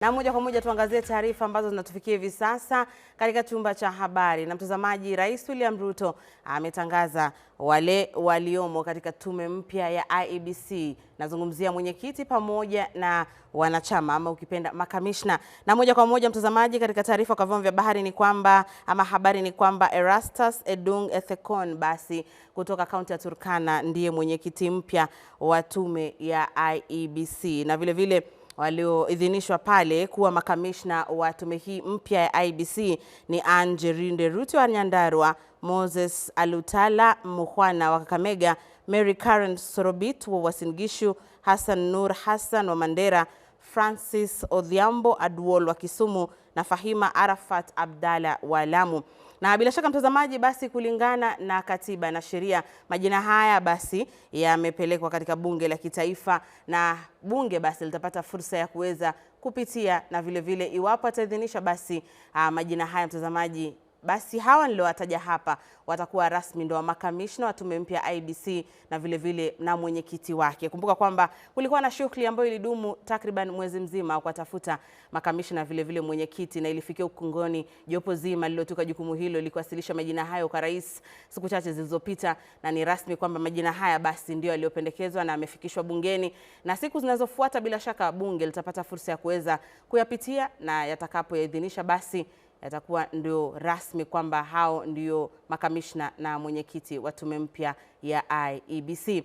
Na moja kwa moja tuangazie taarifa ambazo zinatufikia hivi sasa katika chumba cha habari. Na mtazamaji, Rais William Ruto ametangaza wale waliomo katika tume mpya ya IEBC. Nazungumzia mwenyekiti pamoja na wanachama ama ukipenda makamishna. Na moja kwa moja mtazamaji, katika taarifa kwa vyombo vya bahari ni kwamba ama habari ni kwamba Erastus Edung Ethekon basi kutoka kaunti ya Turkana ndiye mwenyekiti mpya wa tume ya IEBC na vilevile vile, walioidhinishwa pale kuwa makamishna wa tume hii mpya ya IEBC ni Anne gerinde Ruto wa Nyandarua, Moses Alutala Mukhwana wa Kakamega, Mary Karen Sorobit wa Uasin Gishu, Hassan Nur Hassan wa Mandera Francis Odhiambo Aduol wa Kisumu na Fahima Arafat Abdalla wa Lamu. Na bila shaka mtazamaji, basi kulingana na katiba na sheria, majina haya basi yamepelekwa katika bunge la kitaifa, na bunge basi litapata fursa ya kuweza kupitia na vilevile vile, iwapo ataidhinisha basi ah, majina haya mtazamaji basi hawa niliowataja hapa watakuwa rasmi ndo makamishna wa tume mpya IEBC na vilevile vile na mwenyekiti wake. Kumbuka kwamba kulikuwa na shughuli ambayo ilidumu takriban mwezi mzima kuwatafuta makamishna vile mwenyekiti, na ilifikia ukungoni jopo zima lililotoka jukumu hilo likiwasilisha majina hayo kwa rais siku chache zilizopita, na ni rasmi kwamba majina haya basi ndio yaliyopendekezwa na amefikishwa bungeni, na siku zinazofuata bila shaka bunge litapata fursa ya kuweza kuyapitia na yatakapoyaidhinisha basi yatakuwa ndio rasmi kwamba hao ndio makamishna na mwenyekiti wa tume mpya ya IEBC.